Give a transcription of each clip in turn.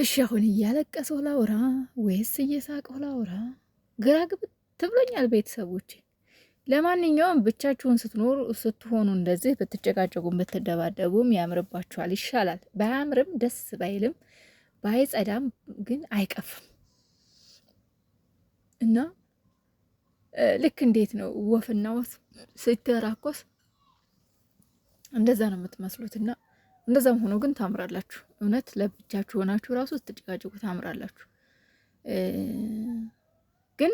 እሺ አሁን እያለቀሰው ላውራ ወይስ እየሳቀው ላውራ? ግራ ግብት ትብሎኛል። ቤተሰቦች ለማንኛውም ብቻችሁን ስትኖሩ ስትሆኑ እንደዚህ ብትጨቃጨቁም ብትደባደቡም ያምርባችኋል፣ ይሻላል። ባያምርም ደስ ባይልም ባይጸዳም ግን አይቀፍም እና ልክ እንዴት ነው ወፍና ወፍ ሲተራኮስ እንደዛ ነው የምትመስሉት እና እንደዛም ሆኖ ግን ታምራላችሁ። እውነት ለብቻችሁ ሆናችሁ ራሱ ስትጨቃጭቁ ታምራላችሁ። ግን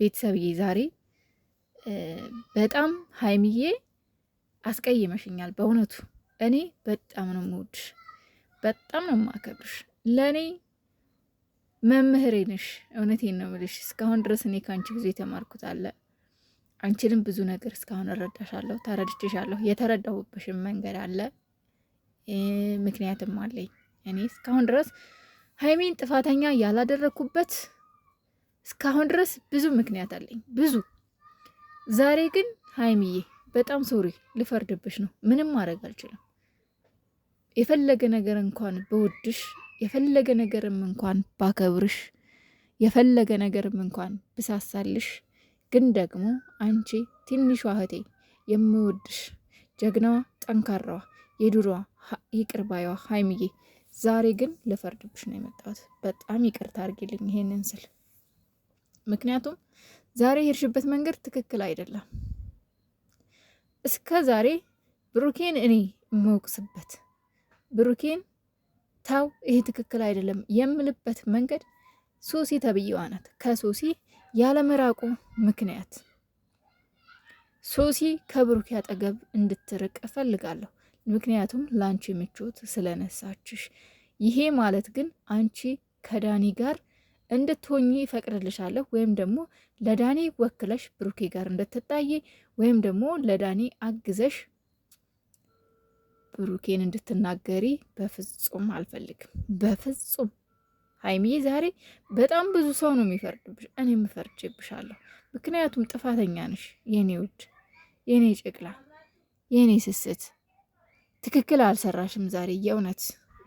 ቤተሰብዬ ዛሬ በጣም ሀይሚዬ አስቀይመሽኛል። በእውነቱ እኔ በጣም ነው የምወድሽ፣ በጣም ነው የማከብርሽ። ለእኔ መምህሬ ነሽ። እውነቴን ነው የምልሽ። እስካሁን ድረስ እኔ ከአንቺ ብዙ የተማርኩት አለ። አንቺንም ብዙ ነገር እስካሁን እረዳሻለሁ፣ ተረድችሻለሁ። የተረዳሁበሽም መንገድ አለ ምክንያትም አለኝ። እኔ እስካሁን ድረስ ሀይሚን ጥፋተኛ ያላደረግኩበት እስካሁን ድረስ ብዙ ምክንያት አለኝ ብዙ። ዛሬ ግን ሀይሚዬ በጣም ሶሪ ልፈርድብሽ ነው። ምንም ማድረግ አልችልም። የፈለገ ነገር እንኳን በውድሽ፣ የፈለገ ነገርም እንኳን ባከብርሽ፣ የፈለገ ነገርም እንኳን ብሳሳልሽ፣ ግን ደግሞ አንቺ ትንሿ እህቴ የምወድሽ ጀግናዋ፣ ጠንካራዋ፣ የድሮዋ ይቅር ባይዋ ሀይምዬ፣ ዛሬ ግን ልፈርድብሽ ነው የመጣሁት። በጣም ይቅርታ አድርጊልኝ ይሄንን ስል፣ ምክንያቱም ዛሬ የሄድሽበት መንገድ ትክክል አይደለም። እስከ ዛሬ ብሩኬን እኔ የምወቅስበት ብሩኬን ታው ይሄ ትክክል አይደለም የምልበት መንገድ ሶሲ ተብዬዋ ናት። ከሶሲ ያለመራቁ ምክንያት ሶሲ ከብሩኬ አጠገብ እንድትርቅ እፈልጋለሁ። ምክንያቱም ለአንቺ ምቾት ስለነሳችሽ። ይሄ ማለት ግን አንቺ ከዳኒ ጋር እንድትሆኚ ይፈቅድልሻለሁ ወይም ደግሞ ለዳኒ ወክለሽ ብሩኬ ጋር እንድትታይ ወይም ደግሞ ለዳኒ አግዘሽ ብሩኬን እንድትናገሪ በፍጹም አልፈልግም። በፍጹም ሀይሚዬ፣ ዛሬ በጣም ብዙ ሰው ነው የሚፈርድብሽ፣ እኔም እፈርድብሻለሁ። ምክንያቱም ጥፋተኛ ነሽ፣ የኔ ውድ፣ የኔ ጨቅላ፣ የኔ ስስት ትክክል አልሰራሽም ዛሬ የእውነት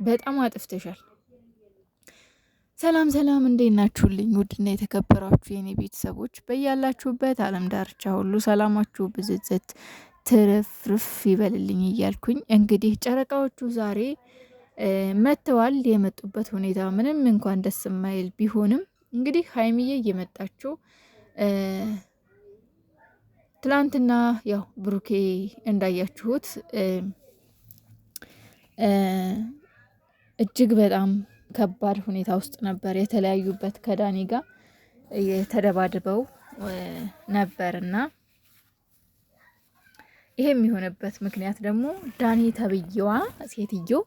በጣም አጥፍተሻል። ሰላም ሰላም፣ እንዴት ናችሁልኝ? ውድና የተከበሯችሁ የኔ ቤተሰቦች በያላችሁበት ዓለም ዳርቻ ሁሉ ሰላማችሁ ብዝዝት ትርፍርፍ ይበልልኝ እያልኩኝ እንግዲህ ጨረቃዎቹ ዛሬ መጥተዋል። የመጡበት ሁኔታ ምንም እንኳን ደስ የማይል ቢሆንም እንግዲህ ሀይሚዬ እየመጣችው ትላንትና ያው ብሩኬ እንዳያችሁት እጅግ በጣም ከባድ ሁኔታ ውስጥ ነበር የተለያዩበት ከዳኒ ጋር ተደባድበው ነበር እና ይሄ የሚሆንበት ምክንያት ደግሞ ዳኒ ተብዬዋ ሴትዮ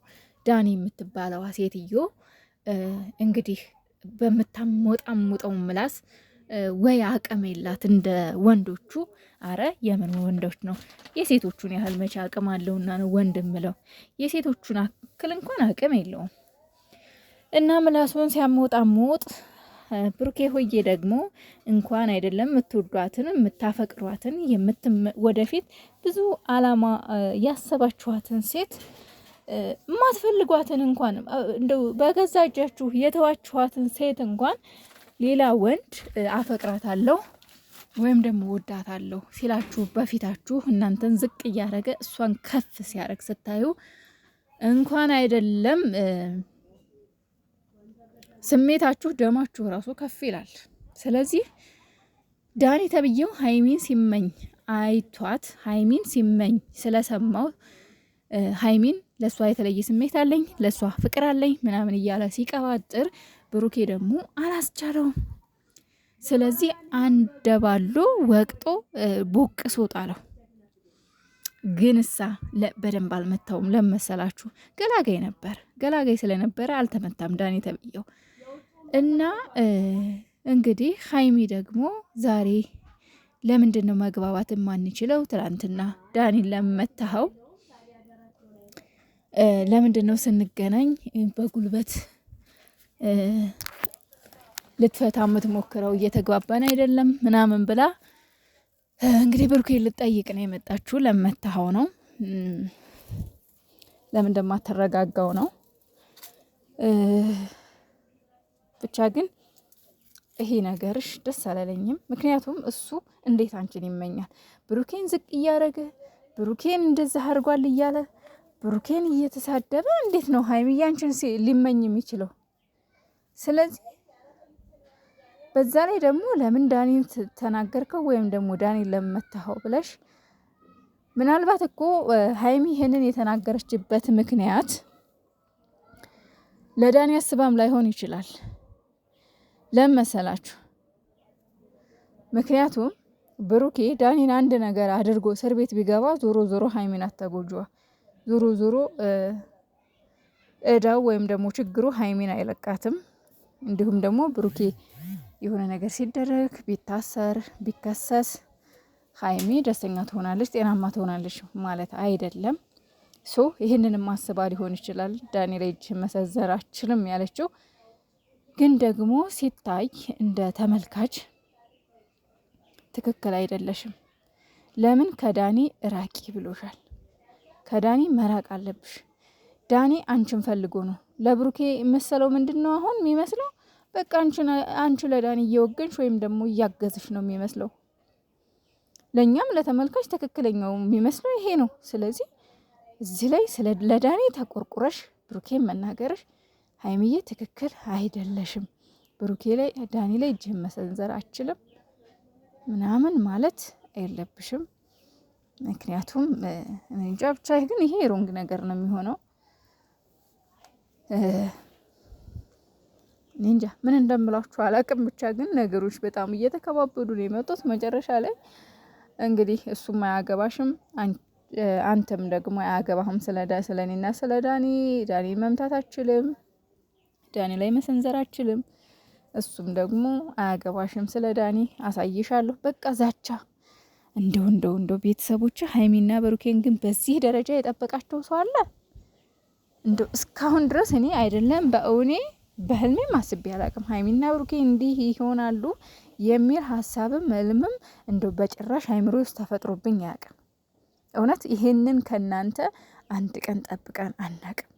ዳኒ የምትባለዋ ሴትዮ እንግዲህ በምታሞጣሙጠው ምላስ ወይ አቅም የላት እንደ ወንዶቹ። አረ የምን ወንዶች ነው? የሴቶቹን ያህል መቼ አቅም አለውና ነው ወንድ ምለው? የሴቶቹን አክል እንኳን አቅም የለውም። እና ምላሱን ሲያሞጣ ሞጥ ብሩኬ ሆዬ ደግሞ እንኳን አይደለም የምትወዷትን የምታፈቅሯትን ወደፊት ብዙ አላማ ያሰባችኋትን ሴት የማትፈልጓትን እንኳን እንደው በገዛ እጃችሁ የተዋችኋትን ሴት እንኳን ሌላ ወንድ አፈቅራታለሁ ወይም ደግሞ ወዳታለሁ ሲላችሁ በፊታችሁ እናንተን ዝቅ እያደረገ እሷን ከፍ ሲያደርግ ስታዩ እንኳን አይደለም ስሜታችሁ ደማችሁ ራሱ ከፍ ይላል። ስለዚህ ዳኒ ተብዬው ሀይሚን ሲመኝ አይቷት ሀይሚን ሲመኝ ስለሰማው ሀይሚን ለእሷ የተለየ ስሜት አለኝ፣ ለእሷ ፍቅር አለኝ ምናምን እያለ ሲቀባጥር ብሩኬ ደግሞ አላስቻለውም። ስለዚህ አንደባሎ ወቅጦ ቦቅሶ ጣለው። ግን እሳ በደንብ አልመታውም። ለመሰላችሁ ገላጋይ ነበር። ገላጋይ ስለነበረ አልተመታም ዳኔ ተብየው እና እንግዲህ ሀይሚ ደግሞ ዛሬ ለምንድን ነው መግባባት የማንችለው? ትላንትና ዳኒን ለመታኸው ለምንድን ነው ስንገናኝ በጉልበት ልትፈታ የምትሞክረው እየተግባባን አይደለም ምናምን ብላ እንግዲህ ብርኩ ልጠይቅ ነው የመጣችሁ። ለመታኸው ነው ለምን እንደማትረጋጋው ነው። ብቻ ግን ይሄ ነገርሽ ደስ አላለኝም። ምክንያቱም እሱ እንዴት አንቺን ይመኛል? ብሩኬን ዝቅ እያደረገ ብሩኬን እንደዛ አድርጓል እያለ ብሩኬን እየተሳደበ እንዴት ነው ሀይሚዬ አንቺን ሊመኝ የሚችለው? ስለዚህ በዛ ላይ ደግሞ ለምን ዳኒን ተናገርከው ወይም ደግሞ ዳኒን ለምን ብለሽ ምናልባት እኮ ሀይሚ ይህንን የተናገረችበት ምክንያት ለዳኒ አስባም ላይሆን ይችላል። ለምን መሰላችሁ? ምክንያቱም ብሩኬ ዳኒን አንድ ነገር አድርጎ እስር ቤት ቢገባ ዞሮ ዞሮ ሀይሚን አተጎጇ ዞሮ ዞሮ እዳው ወይም ደግሞ ችግሩ ሀይሚን አይለቃትም። እንዲሁም ደግሞ ብሩኬ የሆነ ነገር ሲደረግ ቢታሰር ቢከሰስ ሀይሚ ደስተኛ ትሆናለች፣ ጤናማ ትሆናለች ማለት አይደለም። ሶ ይህንንም ማስባ ሊሆን ይችላል ዳኒ ላይ እጅ መሰዘር አልችልም ያለችው። ግን ደግሞ ሲታይ እንደ ተመልካች ትክክል አይደለሽም። ለምን ከዳኒ ራቂ ብሎሻል? ከዳኒ መራቅ አለብሽ። ዳኒ አንቺን ፈልጎ ነው። ለብሩኬ የመሰለው ምንድን ነው አሁን የሚመስለው በቃ አንቺ ለዳን እየወገንሽ ወይም ደግሞ እያገዝሽ ነው የሚመስለው። ለእኛም ለተመልካች ትክክለኛው የሚመስለው ይሄ ነው። ስለዚህ እዚህ ላይ ስለ ለዳኔ ተቆርቁረሽ ብሩኬ መናገርሽ ሀይምዬ ትክክል አይደለሽም። ብሩኬ ላይ ዳኒ ላይ እጅህን መሰንዘር አችልም ምናምን ማለት አይለብሽም። ምክንያቱም እንጃ ብቻ ግን ይሄ ሮንግ ነገር ነው የሚሆነው። እንጃ ምን እንደምላችሁ አላቅም። ብቻ ግን ነገሮች በጣም እየተከባበዱ ነው የመጡት። መጨረሻ ላይ እንግዲህ እሱም አያገባሽም፣ አንተም ደግሞ አያገባህም። ስለ ስለ ዳኒ ዳኒ መምታት አችልም፣ ዳኒ ላይ መሰንዘር አችልም። እሱም ደግሞ አያገባሽም፣ ስለ ዳኒ አሳይሻለሁ። በቃ ዛቻ። እንደው እንደው እንደው ቤተሰቦች ሀይሚና በሩኬን ግን በዚህ ደረጃ የጠበቃቸው ሰው አለ? እንደው እስካሁን ድረስ እኔ አይደለም በእውኔ በህልሜ ማስቤ አላቅም ሀይሚና ብሩኬ እንዲህ ይሆናሉ የሚል ሀሳብም ህልምም እንደው በጭራሽ አይምሮ ውስጥ ተፈጥሮብኝ አያቅም። እውነት ይህንን ከእናንተ አንድ ቀን ጠብቀን አናቅም።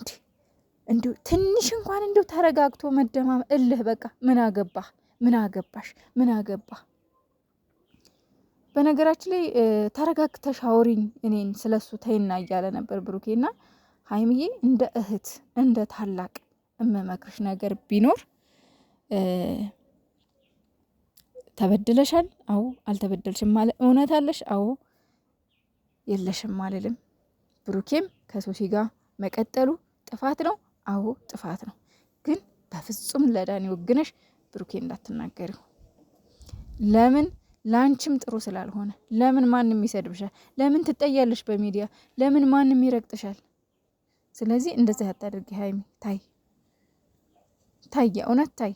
እንዲ እንዲ ትንሽ እንኳን እንዲሁ ተረጋግቶ መደማም እልህ በቃ ምን አገባ ምን አገባሽ፣ ምን አገባ። በነገራችን ላይ ተረጋግተሽ አውሪኝ እኔን ስለሱ ተይና እያለ ነበር ብሩኬና ሀይምዬ እንደ እህት እንደ ታላቅ እመመክርሽ ነገር ቢኖር ተበድለሻል፣ አዎ። አልተበደልሽም ማለት እውነት አለሽ፣ አዎ። የለሽም አልልም። ብሩኬም ከሶሲ ጋር መቀጠሉ ጥፋት ነው፣ አዎ ጥፋት ነው። ግን በፍጹም ለዳኒ ወግነሽ ብሩኬ እንዳትናገሪው። ለምን ለአንቺም ጥሩ ስላልሆነ። ለምን ማንም ይሰድብሻል? ለምን ትጠያለሽ በሚዲያ? ለምን ማንም ይረግጥሻል? ስለዚህ እንደዚህ አታድርጊ ሀይሚ ታይ ታየ እውነት ታይ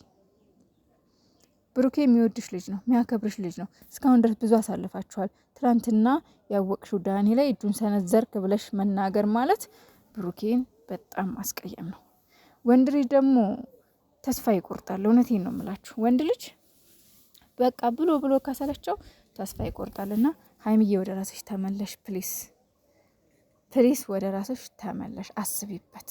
ብሩኬ የሚወድሽ ልጅ ነው፣ የሚያከብርሽ ልጅ ነው። እስካሁን ድረስ ብዙ አሳልፋችኋል። ትናንትና ያወቅሽው ዳኒ ላይ እጁን ሰነዘርክ ብለሽ መናገር ማለት ብሩኬን በጣም ማስቀየም ነው። ወንድ ልጅ ደግሞ ተስፋ ይቆርጣል። እውነቴን ነው የምላችሁ ወንድ ልጅ በቃ ብሎ ብሎ ካሰለቸው ተስፋ ይቆርጣል። እና ሀይምዬ ወደ ራስሽ ተመለሽ ፕሊስ፣ ፕሊስ ወደ ራስሽ ተመለሽ፣ አስቢበት።